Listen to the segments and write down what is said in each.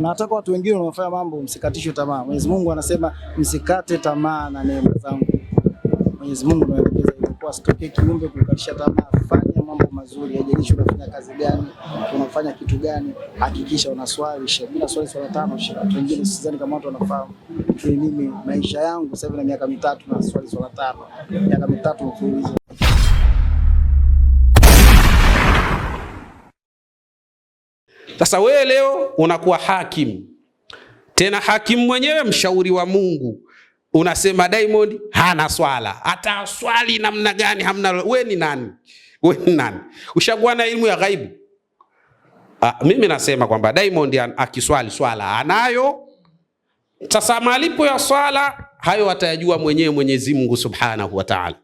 Na hata kwa watu wengine wanaofanya mambo msikatishwe tamaa. Mwenyezi Mungu anasema msikate tamaa na neema zangu. Mwenyezi Mungu anaelekeza hivyo kwa sitokee kiumbe kukatisha tamaa. Fanya mambo mazuri, haijalishi unafanya kazi gani, unafanya kitu gani, hakikisha unaswali shehena swali swala tano shehena. Watu wengine sidhani kama watu wanafahamu. Mimi maisha yangu sasa hivi na miaka mitatu na swali swala tano. Miaka mitatu mfululizo. Sasa wewe leo unakuwa hakimu, tena hakimu mwenyewe mshauri wa Mungu. Unasema Diamond hana swala, hata swali namna gani hamna. Wewe ni nani? Wewe ni nani? Ushakuwa na elimu ya ghaibu? Ah, mimi nasema kwamba Diamond akiswali swala anayo. Sasa malipo ya swala hayo atayajua mwenyewe Mwenyezi Mungu Subhanahu wa Ta'ala.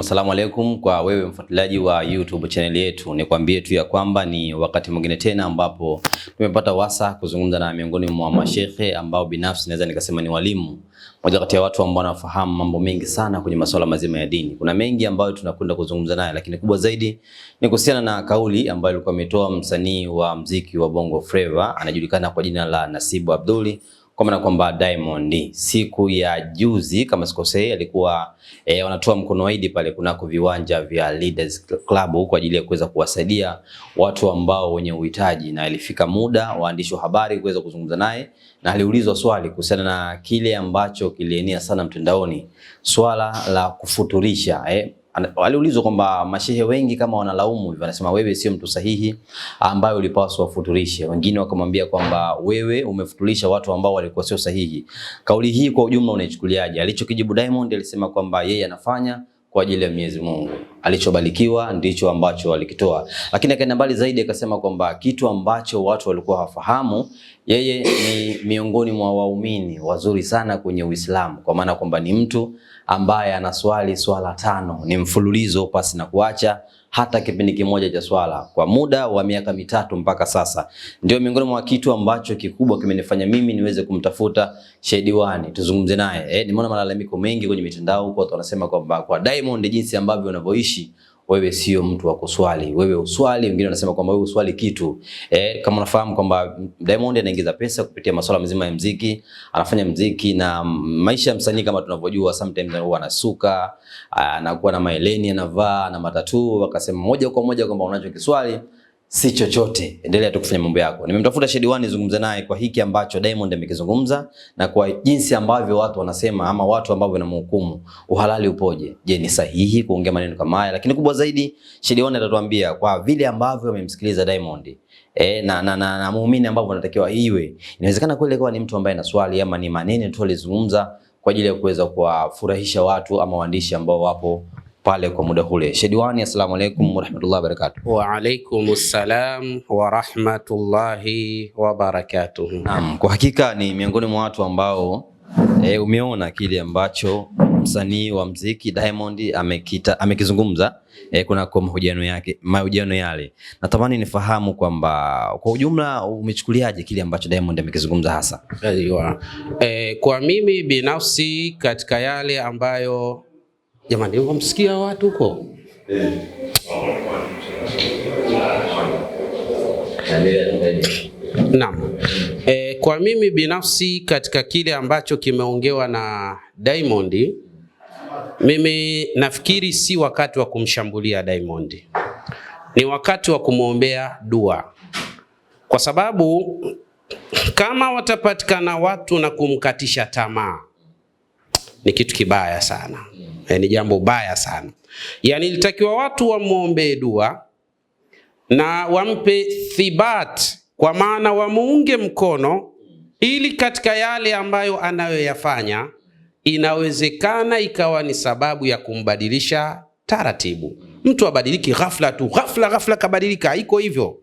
Asalamu alaikum kwa wewe mfuatiliaji wa YouTube channel yetu, nikwambie tu ya kwamba ni wakati mwingine tena ambapo tumepata wasa kuzungumza na miongoni mwa mashehe ambao binafsi naweza nikasema ni walimu, moja kati ya watu ambao wanafahamu mambo mengi sana kwenye masuala mazima ya dini. Kuna mengi ambayo tunakwenda kuzungumza naye, lakini kubwa zaidi ni kuhusiana na kauli ambayo alikuwa ametoa msanii wa mziki wa Bongo Flava anajulikana kwa jina la Nasibu Abduli kwa maana kwamba Diamond siku ya juzi kama sikosei, alikuwa e, wanatoa mkono waidi pale kunako viwanja vya Leaders Club kwa ajili ya kuweza kuwasaidia watu ambao wenye uhitaji, na ilifika muda waandishi wa habari kuweza kuzungumza naye, na aliulizwa swali kuhusiana na kile ambacho kilienea sana mtandaoni, swala la kufuturisha eh aliulizwa kwamba mashehe wengi kama wanalaumu hivyo, anasema wewe sio mtu sahihi ambaye ulipaswa ufuturishe. Wengine wakamwambia kwamba wewe umefutulisha watu ambao walikuwa sio sahihi. Kauli hii kwa ujumla unaichukuliaje? Alichokijibu Diamond alisema kwamba yeye anafanya kwa ajili ya Mwenyezi Mungu. Alichobarikiwa ndicho ambacho alikitoa, lakini akaenda mbali zaidi akasema kwamba kitu ambacho watu walikuwa hawafahamu, yeye ni miongoni mwa waumini wazuri sana kwenye Uislamu, kwa maana kwamba ni mtu ambaye anaswali swala tano ni mfululizo pasi na kuacha hata kipindi kimoja cha swala kwa muda wa miaka mitatu mpaka sasa. Ndio miongoni mwa kitu ambacho kikubwa kimenifanya mimi niweze kumtafuta Sheikh Diwani tuzungumze naye. Eh, nimeona malalamiko mengi kwenye mitandao huko, watu wanasema kwamba kwa Diamond jinsi ambavyo unavyoishi wewe sio mtu wa kuswali, wewe uswali. Wengine wanasema kwamba wewe uswali kitu e, kama unafahamu kwamba Diamond anaingiza pesa kupitia masuala mzima ya mziki, anafanya mziki na maisha ya msanii kama tunavyojua, sometimes huwa anasuka, anakuwa na maeleni anavaa na matatu, wakasema moja kwa moja kwamba unacho kiswali si chochote, endelea tu kufanya mambo yako. Nimemtafuta Shedi One nizungumze naye kwa hiki ambacho Diamond amekizungumza na kwa jinsi ambavyo watu wanasema ama watu ambao wanamhukumu uhalali upoje. Je, ni sahihi kuongea maneno kama haya? Lakini kubwa zaidi Shedi One atatuambia kwa vile ambavyo amemsikiliza Diamond E, na, na, na, na muumini ambavyo anatakiwa iwe. Inawezekana kweli kwa ni mtu ambaye ana swali ama ni maneno tu alizungumza kwa ajili ya kuweza kuwafurahisha watu ama waandishi ambao wapo pale kwa muda ule. Shediwani, assalamu alaykum warahmatullahi wabarakatuh. Wa alaikum salam wa barakatuh. Naam, kwa hakika ni miongoni mwa watu ambao e, umeona kile ambacho msanii wa mziki Diamond amekita amekizungumza e, kuna kwa mahojiano yake mahojiano yale. Natamani nifahamu kwamba kwa ujumla umechukuliaje kile ambacho Diamond amekizungumza hasa? E, kwa mimi binafsi katika yale ambayo Jamani, wamsikia watu huko naam. E, kwa mimi binafsi katika kile ambacho kimeongewa na Diamond, mimi nafikiri si wakati wa kumshambulia Diamond, ni wakati wa kumwombea dua, kwa sababu kama watapatikana watu na kumkatisha tamaa ni kitu kibaya sana eh, ni jambo baya sana. Yaani ilitakiwa watu wamwombee dua na wampe thibat, kwa maana wamuunge mkono, ili katika yale ambayo anayoyafanya inawezekana ikawa ni sababu ya kumbadilisha taratibu. Mtu abadiliki ghafla tu, ghafla ghafla kabadilika, iko hivyo.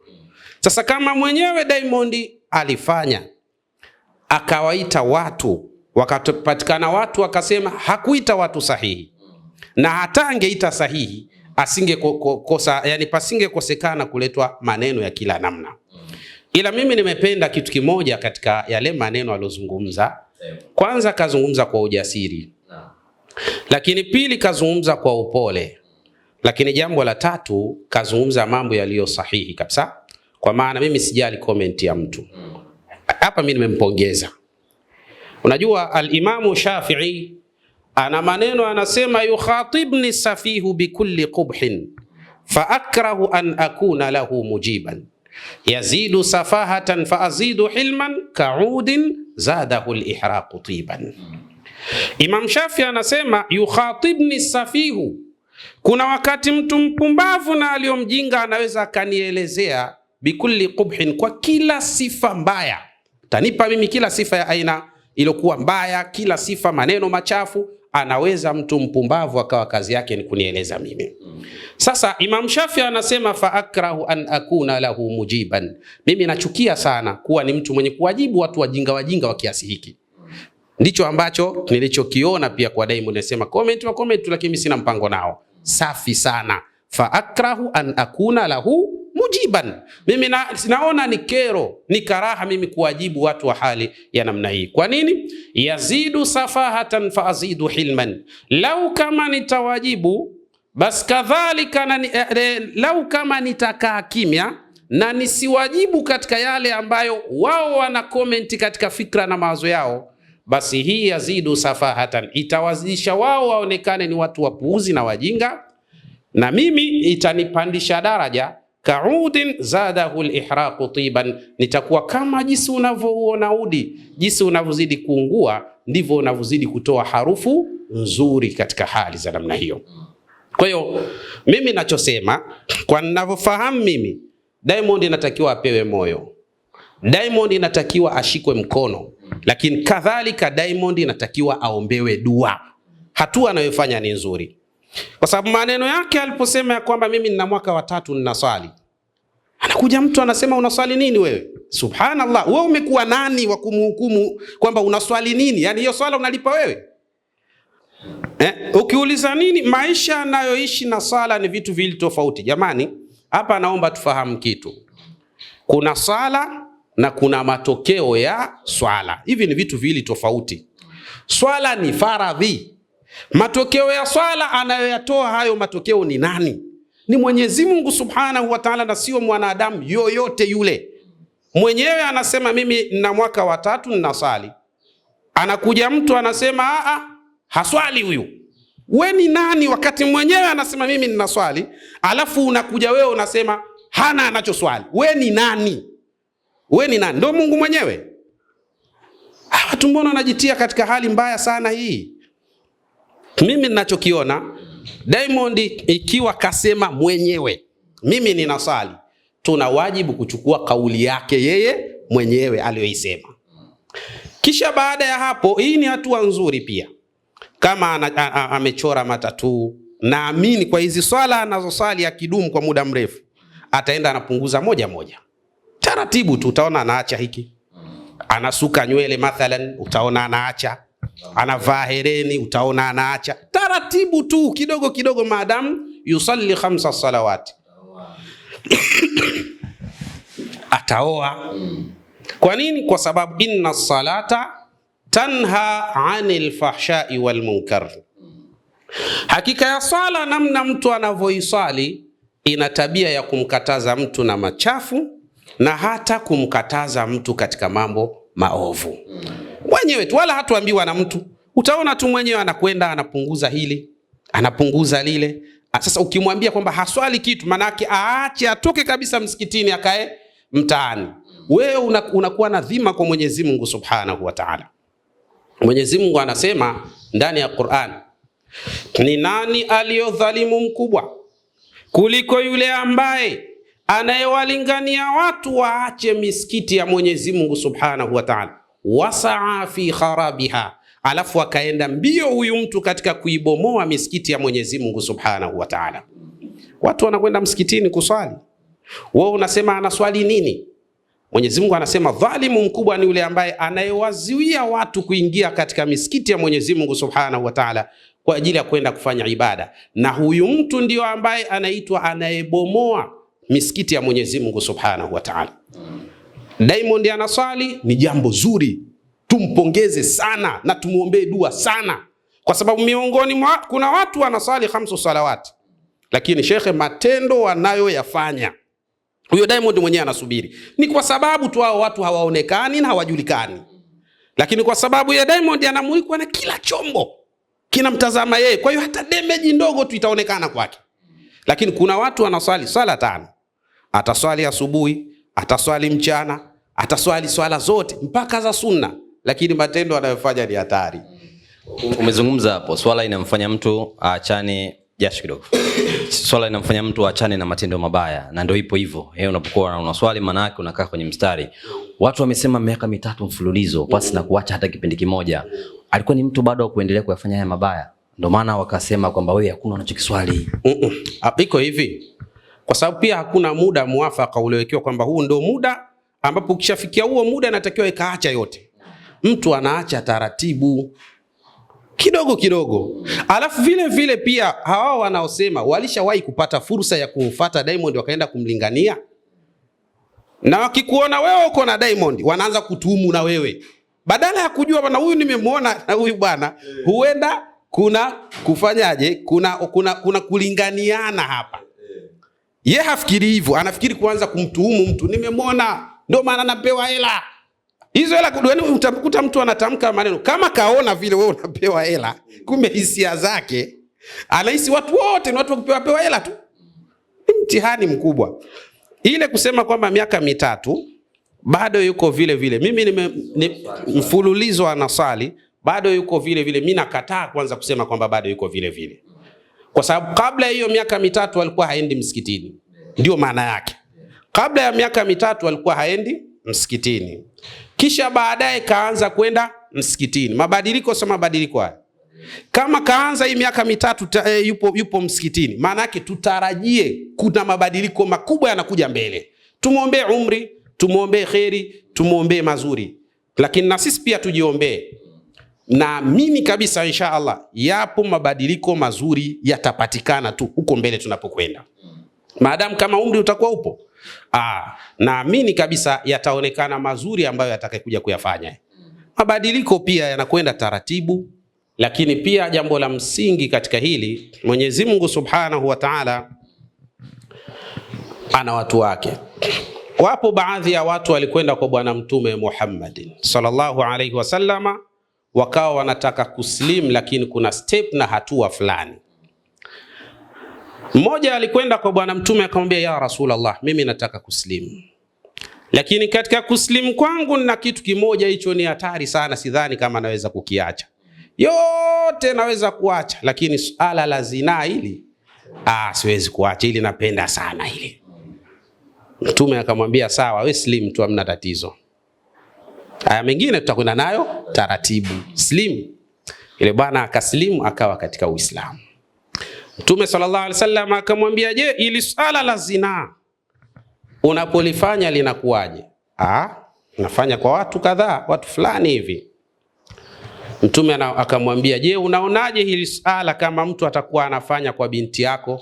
Sasa kama mwenyewe Diamond alifanya akawaita watu, wakapatikana watu, akasema hakuita watu sahihi na hata angeita sahihi kosa, yani, pasingekosekana kuletwa maneno ya kila namna, ila mimi nimependa kitu kimoja katika yale maneno aliyozungumza. Kwanza kazungumza kwa ujasiri, lakini pili kazungumza kwa upole, lakini jambo la tatu kazungumza mambo yaliyo sahihi kabisa, kwa maana mimi sijali comment ya mtu hapa. Mimi nimempongeza. Unajua, Alimamu Shafi'i ana maneno anasema, yukhatibni safihu bikulli qubhin fa akrahu an akuna lahu mujiban yazidu safahatan fa azidu hilman kaudin zadahu lihraqu tiban. Imam Shafi anasema yukhatibni safihu, kuna wakati mtu mpumbavu na aliyomjinga anaweza akanielezea bikulli qubhin, kwa kila sifa mbaya, tanipa mimi kila sifa ya aina iliyokuwa mbaya, kila sifa, maneno machafu anaweza mtu mpumbavu akawa kazi yake ni kunieleza mimi. Sasa Imam Shafi anasema fa akrahu an akuna lahu mujiban, mimi nachukia sana kuwa ni mtu mwenye kuwajibu watu wajinga wajinga wa kiasi hiki. Ndicho ambacho nilichokiona pia kwa Daimu, nasema comment wa comment, lakini sina mpango nao. Safi sana, fa akrahu an akuna lahu mujiban. Mimi na, naona ni kero, ni karaha mimi kuwajibu watu wa hali ya namna hii. Kwa nini? yazidu safahatan fa azidu hilman, lau kama nitawajibu bas kadhalika na, eh, eh, lau kama nitakaa kimya na nisiwajibu katika yale ambayo wao wana komenti katika fikra na mawazo yao, basi hii yazidu safahatan, itawazidisha wao waonekane ni watu wapuuzi na wajinga, na mimi itanipandisha daraja kaudin zadahu lihraqu tiban, nitakuwa kama jinsi unavyouona udi, jinsi unavyozidi kuungua ndivyo unavyozidi kutoa harufu nzuri katika hali za namna hiyo. Kwa hiyo mimi nachosema, kwa ninavyofahamu mimi, Diamond inatakiwa apewe moyo, Diamond inatakiwa ashikwe mkono, lakini kadhalika Diamond inatakiwa aombewe dua. Hatua anayofanya ni nzuri. Kwa sababu maneno yake aliposema ya kwamba mimi nina mwaka wa tatu ninaswali, anakuja mtu anasema unaswali nini wewe? Subhanallah, wewe umekuwa nani wa kumhukumu kwamba unaswali nini? Yaani hiyo swala unalipa wewe eh? Ukiuliza nini, maisha anayoishi na swala ni vitu vili tofauti. Jamani, hapa naomba tufahamu kitu, kuna swala na kuna matokeo ya swala. Hivi ni vitu viwili tofauti. Swala ni faradhi Matokeo ya swala anayoyatoa hayo matokeo ni nani? Ni Mwenyezi Mungu Subhanahu wa Ta'ala, na sio mwanadamu yoyote yule. Mwenyewe anasema mimi nina mwaka wa tatu ninasali, anakuja mtu anasema a a, haswali huyu. We ni nani? Wakati mwenyewe anasema mimi ninaswali, alafu unakuja wewe unasema hana anachoswali. We ni nani? We ni nani? Ndio Mungu mwenyewe. Ah, watu mbona wanajitia katika hali mbaya sana hii? Mimi ninachokiona Diamond ikiwa kasema mwenyewe, mimi ninasali, tuna wajibu kuchukua kauli yake yeye mwenyewe aliyoisema. Kisha baada ya hapo, hii ni hatua nzuri pia, kama amechora matatu. Naamini kwa hizi swala anazosali akidumu kwa muda mrefu, ataenda anapunguza moja moja taratibu tu, utaona anaacha hiki, anasuka nywele mathalan, utaona anaacha anavaa hereni, utaona anaacha taratibu tu kidogo kidogo, maadamu yusalli khamsa salawati ataoa. Kwa nini? Kwa sababu inna salata tanha anil fahshai wal munkar, hakika ya sala namna mtu anavyoiswali ina tabia ya kumkataza mtu na machafu na hata kumkataza mtu katika mambo maovu. Wenyewe tu wala hatuambiwa na mtu. Utaona tu mwenyewe anakwenda anapunguza hili, anapunguza lile. Ah, sasa ukimwambia kwamba haswali kitu, manake aache atoke kabisa msikitini akae mtaani. Wewe unakuwa na dhima kwa Mwenyezi Mungu Subhanahu wa Ta'ala. Mwenyezi Mungu anasema ndani ya Qur'an, ni nani aliyodhalimu mkubwa kuliko yule ambaye anayewalingania watu waache misikiti ya Mwenyezi Mungu Subhanahu wa Ta'ala, wasaa fi kharabiha, alafu akaenda mbio huyu mtu katika kuibomoa misikiti ya Mwenyezi Mungu Subhanahu wa Ta'ala. Watu wanakwenda msikitini kuswali, wewe unasema anaswali nini? Mwenyezi Mungu anasema dhalimu mkubwa ni yule ambaye anayewazuia watu kuingia katika misikiti ya Mwenyezi Mungu Subhanahu wa Ta'ala kwa ajili ya kwenda kufanya ibada, na huyu mtu ndiyo ambaye anaitwa anayebomoa misikiti ya Mwenyezi Mungu Subhanahu wa Ta'ala. Diamond anaswali ni jambo zuri, tumpongeze sana na tumuombee dua sana, kwa sababu miongoni mwa kuna watu wanaswali hamsu salawati, lakini shekhe, matendo wanayoyafanya huyo Diamond mwenyewe anasubiri, ni kwa sababu tu hao watu hawaonekani na hawajulikani, lakini kwa sababu ya Diamond anamulikwa na kila chombo kinamtazama yeye, kwa hiyo hata damage ndogo tu itaonekana kwake. Lakini kuna watu wanaswali swala tano, ataswali asubuhi, ataswali mchana, ataswali swala zote mpaka za sunna, lakini matendo anayofanya ni hatari. Umezungumza hapo swala inamfanya mtu aachane jasho kidogo swala inamfanya mtu aachane na matendo mabaya, na ndio ipo hivyo. Yeye eh, unapokuwa unaswali, maana yake unakaa kwenye mstari. Watu wamesema miaka mitatu mfululizo pasi na kuacha hata kipindi kimoja. Alikuwa ni mtu bado kuendelea kuyafanya haya mabaya. Ndio maana wakasema kwamba wewe hakuna unachokiswali. mm -mm. Iko hivi kwa sababu pia hakuna muda muafaka uliowekewa kwamba huu ndio muda ambapo ukishafikia huo muda inatakiwa ikaacha yote. Mtu anaacha taratibu kidogo kidogo, alafu vile vile pia hawa wanaosema walishawahi kupata fursa ya kumfuata Diamond wakaenda kumlingania, na wakikuona wewe uko na Diamond wanaanza kutuhumu na wewe, badala ya kujua bwana, huyu nimemwona na huyu bwana eh. huenda kuna kufanyaje? Kuna, kuna, kuna kulinganiana hapa. Ye hafikiri hivyo, anafikiri kuanza kumtuhumu mtu, nimemwona ndio maana napewa hela hizo hela. Yaani utakuta mtu anatamka maneno kama kaona vile wewe unapewa hela, kumbe hisia zake anahisi watu wote ni watu wa kupewa pewa hela tu. Mtihani mkubwa ile kusema kwamba miaka mitatu bado yuko vile vile. Mimi nime, mfululizo anasali bado yuko vile vile. Mimi nakataa kwanza kusema kwamba bado yuko vile vile, kwa sababu kabla hiyo miaka mitatu alikuwa haendi msikitini, ndio maana yake. Kabla ya miaka mitatu alikuwa haendi msikitini, kisha baadaye kaanza kwenda msikitini. Mabadiliko sio mabadiliko haya. Kama kaanza hii miaka mitatu ta, e, yupo, yupo msikitini, maana yake tutarajie kuna mabadiliko makubwa yanakuja mbele. Tumwombee umri, tumwombee kheri, tumwombee mazuri, lakini na sisi pia tujiombee naamini kabisa insha Allah yapo mabadiliko mazuri yatapatikana tu huko mbele tunapokwenda, maadamu kama umri utakuwa upo. Ah, naamini kabisa yataonekana mazuri ambayo yatakayokuja kuyafanya. Mabadiliko pia yanakwenda taratibu, lakini pia jambo la msingi katika hili, Mwenyezi Mungu Subhanahu wa Ta'ala ana watu wake. Wapo baadhi ya watu walikwenda kwa Bwana Mtume Muhammadin sallallahu alaihi wasallama wakawa wanataka kuslim, lakini kuna step na hatua fulani. Mmoja alikwenda kwa Bwana Mtume akamwambia, ya Rasulullah, mimi nataka kuslim, lakini katika kuslim kwangu na kitu kimoja, hicho ni hatari sana, sidhani kama naweza kukiacha. Yote naweza kuacha, lakini suala la zinaa hili ah, siwezi kuacha ili napenda sana hili. Mtume akamwambia, sawa, we slim tu, hamna tatizo. Haya mengine tutakwenda nayo taratibu. Slim ile bwana akaslimu akawa katika Uislamu. Mtume sallallahu alaihi wasallam akamwambia, je, ili swala la zinaa unapolifanya linakuwaje? Ah, unafanya kwa watu kadhaa, watu fulani hivi. Mtume akamwambia, je, unaonaje hili swala kama mtu atakuwa anafanya kwa binti yako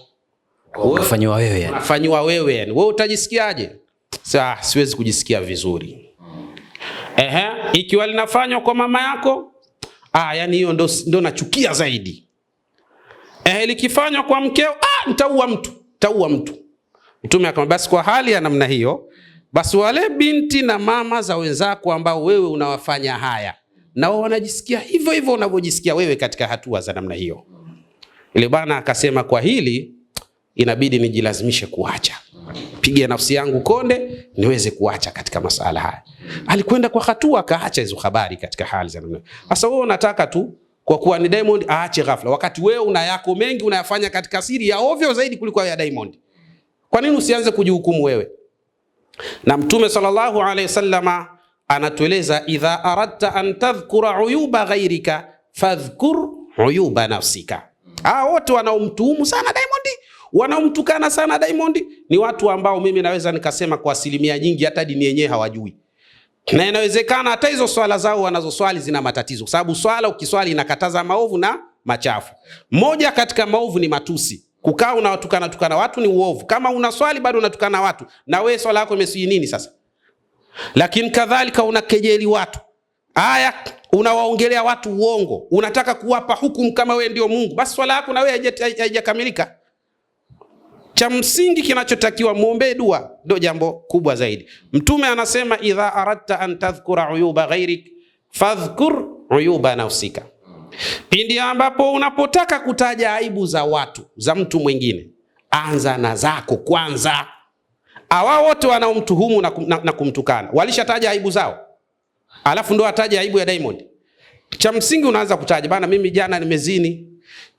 Unafanywa wewe, yani Unafanywa wewe, yani wewe utajisikiaje? Sasa ah, siwezi kujisikia vizuri Ehe, ikiwa linafanywa kwa mama yako, ah, yani hiyo ndo, ndo nachukia zaidi. Ehe, likifanywa kwa mkeo, ah, nitaua mtu, nitaua mtu. Mtume akamwambia basi, kwa hali ya namna hiyo, basi wale binti na mama za wenzako ambao wewe unawafanya haya, nao wanajisikia hivyo hivyo unavyojisikia wewe katika hatua za namna hiyo. Ile bwana akasema, kwa hili inabidi nijilazimishe kuacha, pige nafsi yangu konde, niweze kuacha katika masala haya. Alikwenda kwa hatua akaacha hizo habari katika hali za namna. Sasa wewe unataka tu kwa kuwa ni Diamond aache ghafla, wakati wewe una yako mengi unayafanya katika siri ya ovyo zaidi kuliko ya Diamond. Kwa nini usianze kujihukumu wewe? Na Mtume sallallahu alaihi wasallam anatueleza idha aradta an tadhkura uyuba ghairika fadhkur uyuba nafsika. Hao wote wanaomtuhumu sana Diamond wanaomtukana sana Diamond ni watu ambao mimi naweza nikasema kwa asilimia nyingi hata dini yenyewe hawajui, na inawezekana hata hizo swala zao wanazoswali zina matatizo, kwa sababu swala ukiswali inakataza maovu na machafu. Moja katika maovu ni matusi. Kukaa unawatukana tukana watu ni uovu. Kama unaswali bado unatukana watu, na wewe swala yako imesii nini sasa? Lakini kadhalika unakejeli watu, aya, unawaongelea watu uongo, unataka kuwapa hukumu kama wewe ndio Mungu, basi swala yako na wewe haijakamilika cha msingi kinachotakiwa mwombee dua, ndo jambo kubwa zaidi. Mtume anasema idha aradta an tadhkura uyuba ghairik fadhkur uyuba nafsika, pindi ambapo unapotaka kutaja aibu za watu za mtu mwingine, anza na zako kwanza. Awa wote wanaomtuhumu na, kum, na, na kumtukana walishataja aibu zao, alafu ndo ataja aibu ya Diamond. Cha msingi unaanza kutaja bana, mimi jana nimezini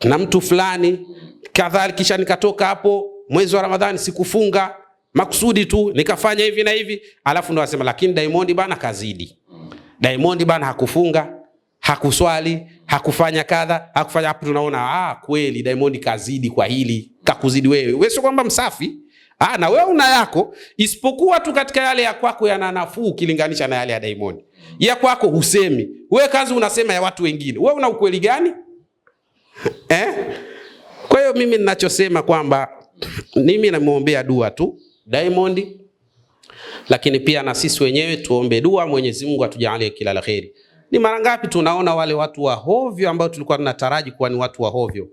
na mtu fulani kadhalika, kisha nikatoka hapo mwezi wa Ramadhani sikufunga makusudi tu nikafanya hivi na hivi, alafu ndo asema, lakini Diamond bana kazidi. Diamond bana hakufunga, hakuswali, hakufanya kadha, hakufanya hapo. Tunaona ah, kweli Diamond kazidi kwa hili, kakuzidi wewe. Wewe sio kwamba msafi ah, na wewe una yako, isipokuwa tu katika yale ya kwako yana nafuu kilinganisha na yale ya Diamond. Ya kwako husemi wewe, kazi unasema ya watu wengine. Wewe una ukweli gani eh? Kwa hiyo mimi ninachosema kwamba mimi namuombea dua tu Diamond, lakini pia na sisi wenyewe tuombe dua, Mwenyezi Mungu atujalie kila la Ni mara ngapi tunaona wale watu wa hovyo ambao tulikuwa tunataraji kuwa ni watu wa hovyo,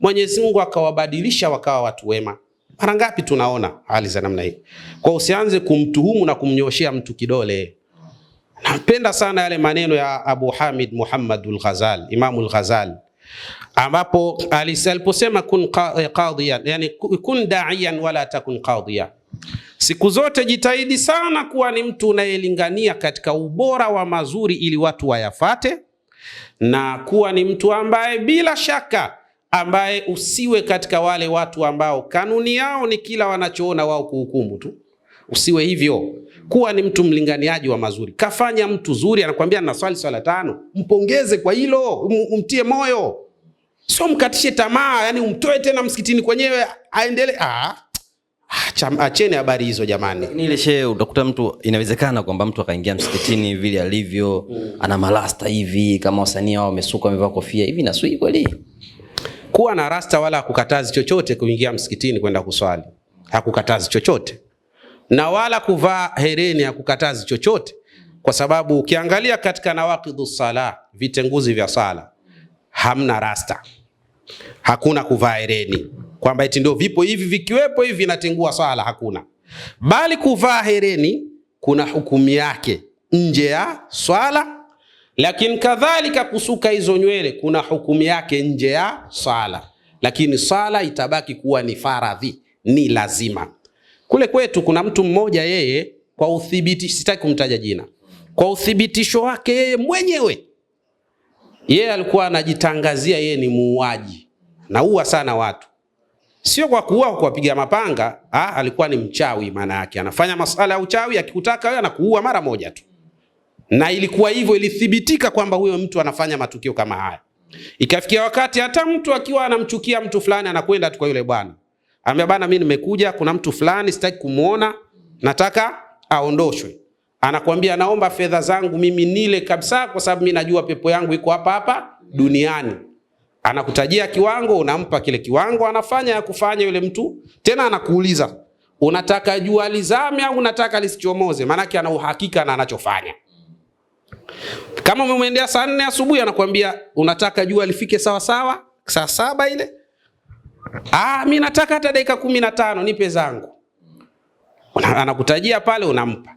Mwenyezi Mungu akawabadilisha wakawa watu wema. Mara ngapi tunaona hali za namna hii? Kwa usianze kumtuhumu na kumnyoshea mtu kidole. Napenda sana yale maneno ya Abu Hamid Muhammadul Ghazal, Imamul Ghazal ambapo aliposema kun e, qadiyan, yani kun daiyan wala takun qadiya. Siku zote jitahidi sana kuwa ni mtu unayelingania katika ubora wa mazuri ili watu wayafate, na kuwa ni mtu ambaye bila shaka ambaye usiwe katika wale watu ambao kanuni yao ni kila wanachoona wao kuhukumu tu. Usiwe hivyo, kuwa ni mtu mlinganiaji wa mazuri. Kafanya mtu zuri, anakwambia na swali swala tano, mpongeze kwa hilo, um-, umtie moyo sio mkatishe tamaa, yani umtoe tena msikitini kwenyewe aendelee. Ah, ah, acheni habari hizo jamani. Ni ile shehe, utakuta mtu inawezekana kwamba mtu akaingia msikitini vile alivyo mm. ana malasta hivi kama wasanii wao wamesuka, wamevaa kofia hivi, sui kweli. Kuwa na rasta wala hakukatazi chochote kuingia msikitini kwenda kuswali, hakukatazi chochote, na wala kuvaa hereni hakukatazi chochote, kwa sababu ukiangalia katika nawakidhu sala, vitenguzi vya sala, hamna rasta hakuna kuvaa hereni, kwamba eti ndio vipo hivi, vikiwepo hivi vinatengua swala, hakuna. Bali kuvaa hereni kuna hukumu yake nje ya swala, lakini kadhalika kusuka hizo nywele kuna hukumu yake nje ya swala, lakini swala itabaki kuwa ni faradhi, ni lazima. Kule kwetu kuna mtu mmoja yeye, kwa uthibitisho, sitaki kumtaja jina, kwa uthibitisho wake yeye mwenyewe yeye alikuwa anajitangazia yeye ni muuaji, naua sana watu, sio kwa kuua kwa kupiga mapanga. Ah, alikuwa ni mchawi, maana yake anafanya masala ya uchawi, akikutaka wewe anakuua mara moja tu. Na ilikuwa hivyo, ilithibitika kwamba huyo mtu anafanya matukio kama haya. Ikafikia wakati hata mtu akiwa anamchukia mtu fulani anakwenda tu kwa yule bwana, anambia mimi nimekuja, kuna mtu fulani sitaki kumuona, nataka aondoshwe. Anakuambia naomba fedha zangu mimi nile kabisa, kwa sababu mimi najua pepo yangu iko hapa hapa duniani. Anakutajia kiwango, unampa kile kiwango, anafanya ya kufanya yule mtu. Tena anakuuliza unataka jua lizame au unataka lisichomoze? Maanake ana uhakika na anachofanya. Kama umemwendea saa nne asubuhi, anakuambia unataka jua lifike sawa sawa saa saba ile. Ah, mimi nataka hata dakika kumi na tano nipe zangu. Anakutajia pale, unampa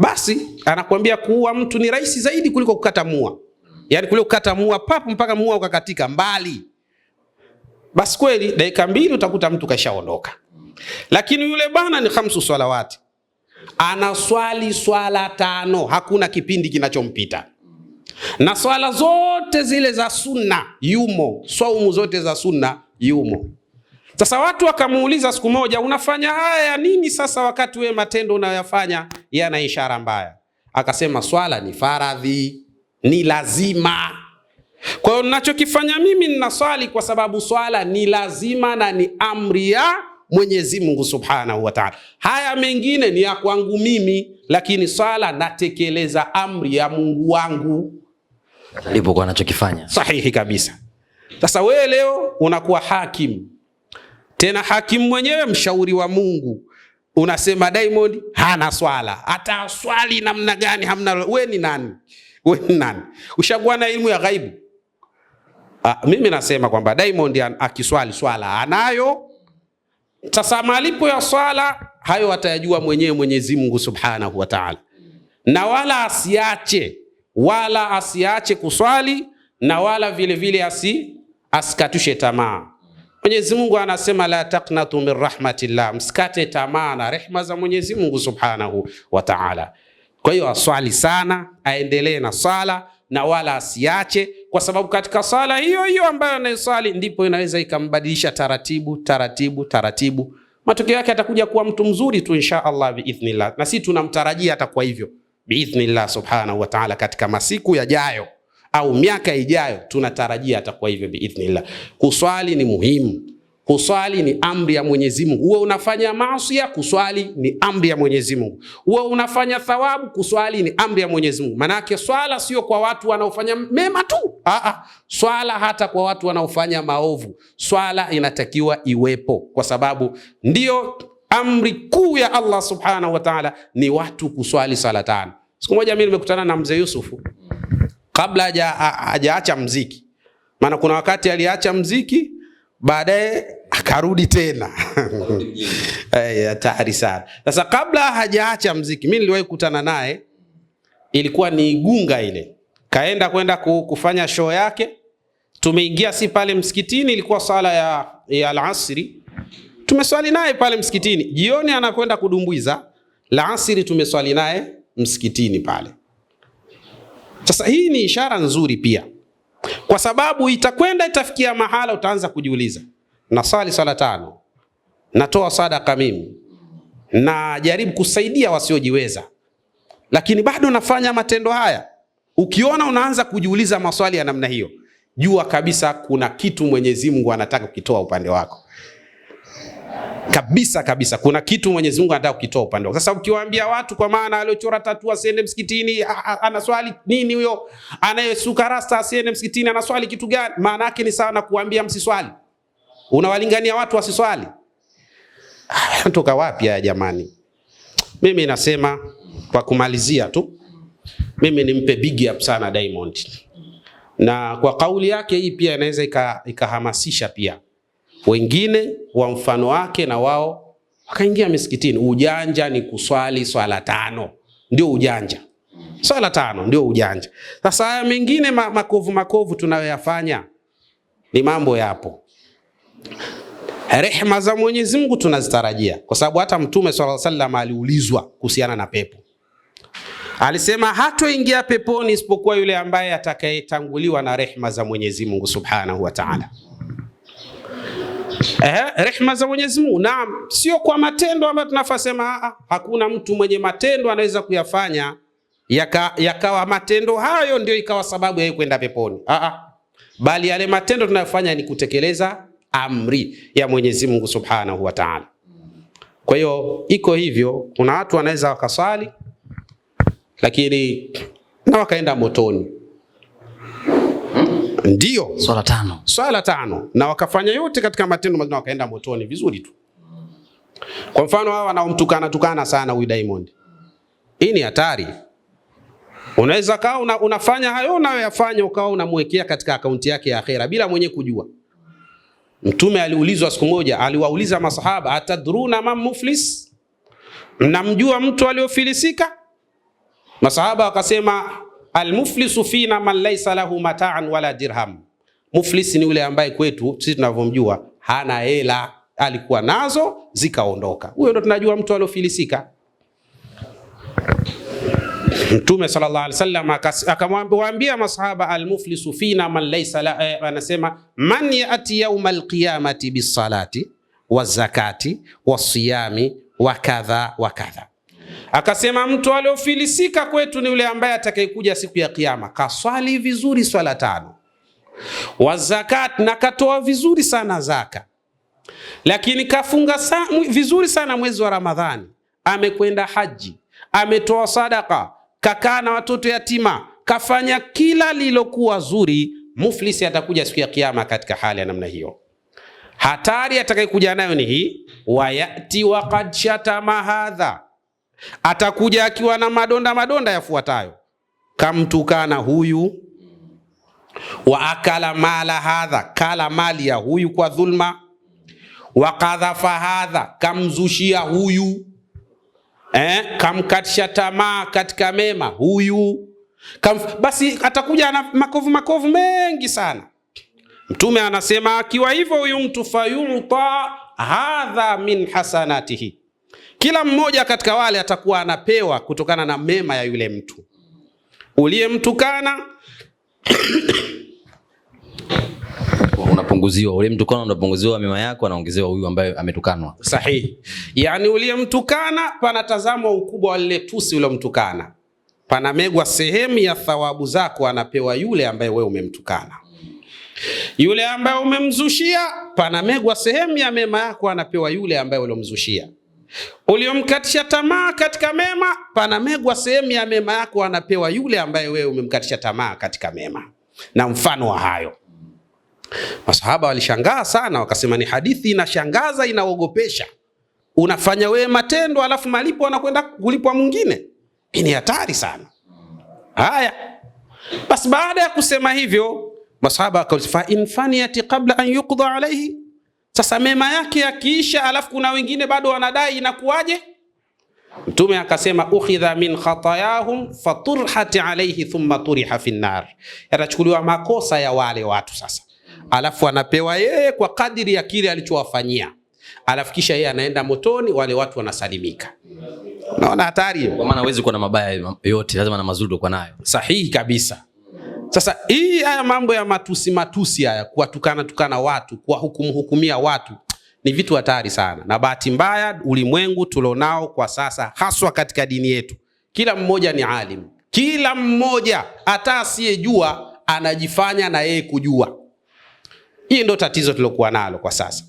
basi anakuambia kuua mtu ni rahisi zaidi kuliko kukata mua, yaani kuliko kukata mua papo mpaka mua ukakatika mbali. Basi kweli dakika mbili utakuta mtu kaishaondoka. Lakini yule bana ni hamsu swalawati, anaswali swala tano, hakuna kipindi kinachompita na swala zote zile za sunna yumo, swaumu zote za sunna yumo. Sasa watu wakamuuliza siku moja, unafanya haya nini sasa, wakati wewe matendo unayoyafanya yana ishara mbaya? Akasema swala ni faradhi, ni lazima. Kwa hiyo ninachokifanya mimi ninaswali kwa sababu swala ni lazima na ni amri ya Mwenyezi Mungu Subhanahu wa Ta'ala. Haya mengine ni ya kwangu mimi, lakini swala natekeleza amri ya Mungu wangu. Ndipo kwa anachokifanya. Sahihi kabisa. Sasa wewe leo unakuwa hakimu tena hakimu mwenyewe mshauri wa Mungu, unasema Diamond hana swala, hata swali namna gani hamna. Wewe ni nani? Wewe ni nani? Ushakuwa na elimu ya ghaibu? Ah, mimi nasema kwamba Diamond akiswali swala anayo. Sasa malipo ya swala hayo atayajua mwenyewe Mwenyezi Mungu Subhanahu wa Ta'ala, na wala asiache wala asiache kuswali na wala vilevile asi asikatushe tamaa. Mwenyezi Mungu anasema la taknatu min rahmatillah, msikate tamaa na rehma za Mwenyezi Mungu Subhanahu wa Ta'ala. Kwa hiyo aswali sana, aendelee na swala na wala asiache, kwa sababu katika swala hiyo hiyo ambayo anaiswali ndipo inaweza ikambadilisha taratibu taratibu taratibu. Matokeo yake atakuja kuwa mtu mzuri tu insha Allah biidhnillah, na sisi tunamtarajia atakuwa hivyo biidhnillah subhanahu wa ta'ala katika masiku yajayo au miaka ijayo tunatarajia atakuwa hivyo biidhnillah. Kuswali ni muhimu. Kuswali ni amri ya Mwenyezi Mungu. Uwe unafanya maasi, kuswali ni amri ya Mwenyezi Mungu. Uwe unafanya thawabu, kuswali ni amri ya Mwenyezi Mungu. Manake swala sio kwa watu wanaofanya mema tu. ah, swala hata kwa watu wanaofanya maovu, swala inatakiwa iwepo, kwa sababu ndio amri kuu ya Allah subhanahu wa ta'ala, ni watu kuswali sala tano. Siku moja mimi nimekutana na mzee Yusufu kabla hajaacha mziki, maana kuna wakati aliacha mziki baadaye akarudi tena eh, hatari sana. Sasa kabla hajaacha mziki, mi niliwahi kukutana naye, ilikuwa ni Igunga ile, kaenda kwenda kufanya show yake. Tumeingia si pale msikitini, ilikuwa sala ya, ya alasiri, tumeswali naye pale msikitini. Jioni anakwenda kudumbwiza laasiri tumeswali naye msikitini pale sasa hii ni ishara nzuri pia, kwa sababu itakwenda itafikia mahala utaanza kujiuliza, nasali sala tano, natoa sadaka mimi, najaribu kusaidia wasiojiweza, lakini bado nafanya matendo haya. Ukiona unaanza kujiuliza maswali ya namna hiyo, jua kabisa kuna kitu Mwenyezi Mungu anataka kukitoa upande wako kabisa kabisa. Kuna kitu Mwenyezi Mungu anataka kukitoa upande wako. Sasa ukiwaambia watu, kwa maana aliochora tatu asiende msikitini, anaswali nini? Huyo anayesuka rasta asiende msikitini, anaswali kitu gani? Maana yake ni sawa na kuambia msiswali. Unawalingania watu wasiswali. Ah, anatoka wapi haya jamani? Mimi nasema kwa kumalizia tu, mimi nimpe big up sana Diamond, na kwa kauli yake hii pia inaweza ikahamasisha pia wengine wa mfano wake na wao wakaingia misikitini. Ujanja ni kuswali swala tano, ndio ujanja. Swala tano ndio ujanja. Sasa haya mengine ma makovu makovu tunayoyafanya ni mambo yapo. Rehma za Mwenyezi Mungu tunazitarajia, kwa sababu hata Mtume swalla sallam aliulizwa kuhusiana na pepo, alisema hatoingia peponi isipokuwa yule ambaye atakayetanguliwa na rehma za Mwenyezi Mungu subhanahu wa taala. Eh, rehma za Mwenyezi Mungu. Naam, sio kwa matendo ambayo tunafasema. Ah, ah, hakuna mtu mwenye matendo anaweza kuyafanya yakawa yaka matendo hayo ndio ikawa sababu ya kwenda peponi. Ah ah. Bali yale matendo tunayofanya ni kutekeleza amri ya Mwenyezi Mungu Subhanahu wa Ta'ala. Kwa hiyo iko hivyo, kuna watu wanaweza wakaswali lakini na wakaenda motoni ndio swala tano, swala tano, na wakafanya yote katika matendo mazima, wakaenda motoni vizuri tu. Kwa mfano hawa wanaomtukana tukana sana huyu Diamond, hii ni hatari. Unaweza kaa una, unafanya hayo unayoyafanya ukawa unamwekea katika akaunti yake ya akhera bila mwenye kujua. Mtume aliulizwa siku moja, aliwauliza masahaba, atadruna man muflis, mnamjua mtu aliofilisika? Masahaba wakasema almuflisu fina man laisa lahu mataan wala dirham, muflisi ni yule ambaye kwetu sisi tunavyomjua hana hela, alikuwa nazo zikaondoka. Huyo ndo tunajua mtu aliofilisika. Mtume sallallahu alaihi wasallam akamwambia masahaba, almuflisu fina man laisa la, eh, anasema man yati yauma qiyamati bisalati wazakati wasiyami wakadha wakadha Akasema mtu aliofilisika kwetu ni yule ambaye atakayekuja siku ya Kiyama kaswali vizuri swala tano, wa zakat na katoa vizuri sana zaka, lakini kafunga sa, vizuri sana mwezi wa Ramadhani, amekwenda haji, ametoa sadaka, kakaa na watoto yatima, kafanya kila lilokuwa zuri. Muflisi atakuja siku ya Kiyama katika hali ya namna hiyo. Hatari atakayekuja nayo ni hii, wayati wakad shatama hadha Atakuja akiwa na madonda madonda yafuatayo: kamtukana huyu, wa akala mala hadha, kala mali ya huyu kwa dhulma, wa kadhafa hadha, kamzushia huyu eh, kamkatisha tamaa katika mema huyu kam, basi atakuja na makovu makovu mengi sana. Mtume anasema akiwa hivyo huyu mtu fayuta hadha min hasanatihi kila mmoja katika wale atakuwa anapewa kutokana na mema ya yule mtu uliyemtukana. unapunguziwa ule mtukano, unapunguziwa mema yako, anaongezewa huyu ambaye ametukanwa. Sahihi. Yani uliyemtukana panatazamwa ukubwa wa lile tusi uliomtukana, panamegwa sehemu ya thawabu zako, anapewa yule ambaye wewe umemtukana. Yule ambaye umemzushia, panamegwa sehemu ya mema yako, anapewa yule ambaye uliomzushia uliomkatisha tamaa katika mema, panamegwa sehemu ya mema yako, anapewa yule ambaye wewe umemkatisha tamaa katika mema, na mfano wa hayo masahaba walishangaa sana, wakasema ni hadithi inashangaza, inaogopesha. Unafanya wewe matendo alafu malipo anakwenda kulipwa mwingine, ni hatari sana. Haya basi, baada ya kusema hivyo, masahaba wakasema in qabla an yuqda alayhi sasa mema yake yakiisha, alafu kuna wengine bado wanadai, inakuwaje? Mtume akasema ukhidha min khatayahum faturhat alayhi thumma turiha fi nar, yatachukuliwa makosa ya wale watu sasa, alafu anapewa yeye kwa kadiri ya kile alichowafanyia, alafu kisha yeye anaenda motoni, wale watu wanasalimika. Naona hatari, kwa maana huwezi kuwa na mabaya yote, lazima na mazuri utakuwa nayo. Sahihi kabisa. Sasa hii haya mambo ya matusi matusi haya kuwatukana tukana watu kuwahukumu hukumia watu ni vitu hatari sana, na bahati mbaya ulimwengu tulionao kwa sasa, haswa katika dini yetu, kila mmoja ni alim, kila mmoja hata asiyejua anajifanya na yeye kujua. Hii ndio tatizo tulokuwa nalo kwa sasa.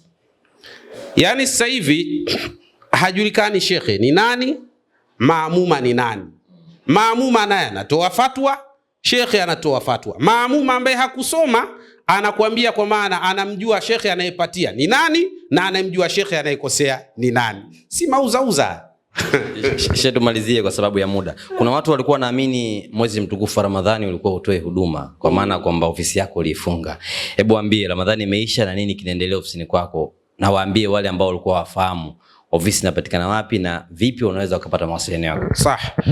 Yaani sasa hivi hajulikani shekhe ni nani, maamuma ni nani. Maamuma naye anatoa fatwa Shekhe anatoa fatwa, maamuma ambaye hakusoma anakuambia, kwa maana anamjua shekhe anayepatia ni nani na anamjua shekhe anayekosea ni nani, si mauzauza. Tumalizie kwa sababu ya muda. Kuna watu walikuwa naamini mwezi mtukufu wa Ramadhani ulikuwa utoe huduma, kwa maana kwamba ofisi yako uliifunga. Hebu waambie Ramadhani imeisha na nini kinaendelea ofisini kwako, na waambie wale ambao walikuwa wafahamu ofisi inapatikana wapi na vipi unaweza ukapata mawasiliano yako? Sah. E,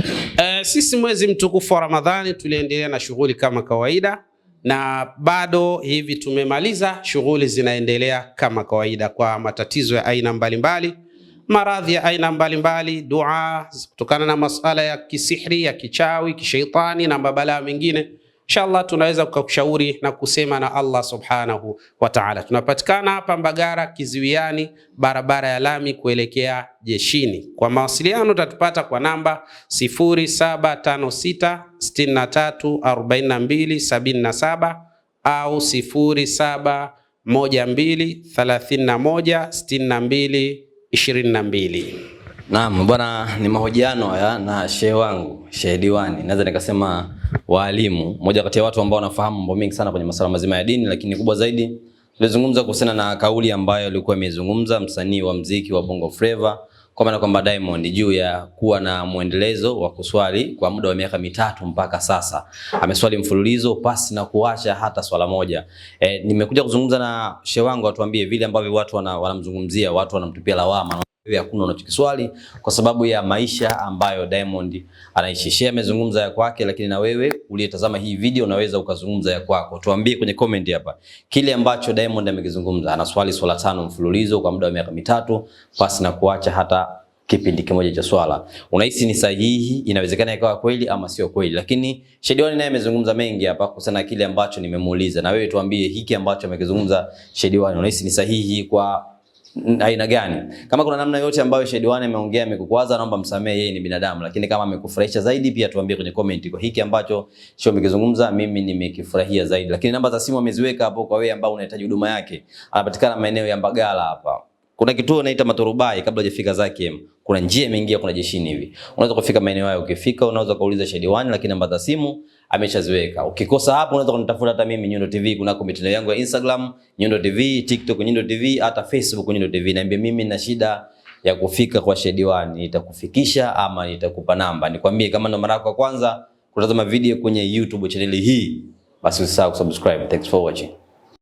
eh, sisi mwezi mtukufu wa Ramadhani tuliendelea na shughuli kama kawaida na bado hivi tumemaliza, shughuli zinaendelea kama kawaida kwa matatizo ya aina mbalimbali, maradhi ya aina mbalimbali, dua kutokana na masala ya kisihri, ya kichawi, kisheitani na mabalaa mengine inshallah tunaweza kukushauri na kusema na Allah subhanahu wa ta'ala. Tunapatikana hapa Mbagara Kiziwiani, barabara ya lami kuelekea jeshini. Kwa mawasiliano utatupata kwa namba 0756634277 au 0712316222. Naam, bwana, ni mahojiano haya na shehe wangu, shehe Diwani, naweza nikasema waalimu, mmoja kati ya watu ambao wanafahamu mambo mengi sana kwenye masuala mazima ya dini, lakini kubwa zaidi tulizungumza kuhusiana na kauli ambayo alikuwa amezungumza msanii wa mziki wa Bongo Flava kwa maana kwamba Diamond juu ya kuwa na mwendelezo wa kuswali kwa muda wa miaka mitatu mpaka sasa ameswali mfululizo pasi na kuacha hata swala moja. E, nimekuja kuzungumza na shehe wangu atuambie vile ambavyo watu wanamzungumzia, wana watu wanamtupia lawama hakuna unachokiswali kwa sababu ya maisha ambayo Diamond anaishi. Shea amezungumza ya kwake, lakini na wewe uliyetazama hii video unaweza ukazungumza ya kwako. Tuambie kwenye comment hapa kile ambacho Diamond amekizungumza. Anaswali swala tano mfululizo kwa muda wa miaka mitatu pasi na kuacha hata kipindi kimoja cha swala. Unahisi ni sahihi? Inawezekana ikawa kweli ama sio kweli, lakini Shedioni naye amezungumza mengi hapa kuhusiana na kile ambacho nimemuuliza, na wewe tuambie hiki ambacho amekizungumza Shedioni, unahisi ni sahihi kwa aina gani. Kama kuna namna yote ambayo Shedi One ameongea amekukwaza, naomba msamehe, yeye ni binadamu. Lakini kama amekufurahisha zaidi, pia tuambie kwenye comment, kwa hiki ambacho sio amekizungumza, mimi nimekifurahia zaidi. Lakini namba za simu ameziweka hapo kwa wewe ambao unahitaji huduma yake. Anapatikana maeneo ya Mbagala hapa. Kuna kituo naita Maturubai kabla hajafika zake. Kuna njia imeingia, kuna jeshini hivi. Unaweza kufika maeneo hayo. Ukifika unaweza kuuliza Shedi One, lakini namba za simu ameshaziweka. Ukikosa hapo unaweza kunitafuta hata mimi Nyundo TV, kuna mitandao yangu ya Instagram Nyundo TV, TikTok Nyundo TV, hata Facebook Nyundo TV. Naambia mimi nina shida ya kufika kwa Sheikh Diwani, nitakufikisha ama nitakupa namba. Nikwambie kama ndo mara yako ya kwanza kutazama video kwenye YouTube channel hii, basi usisahau kusubscribe. Thanks for watching.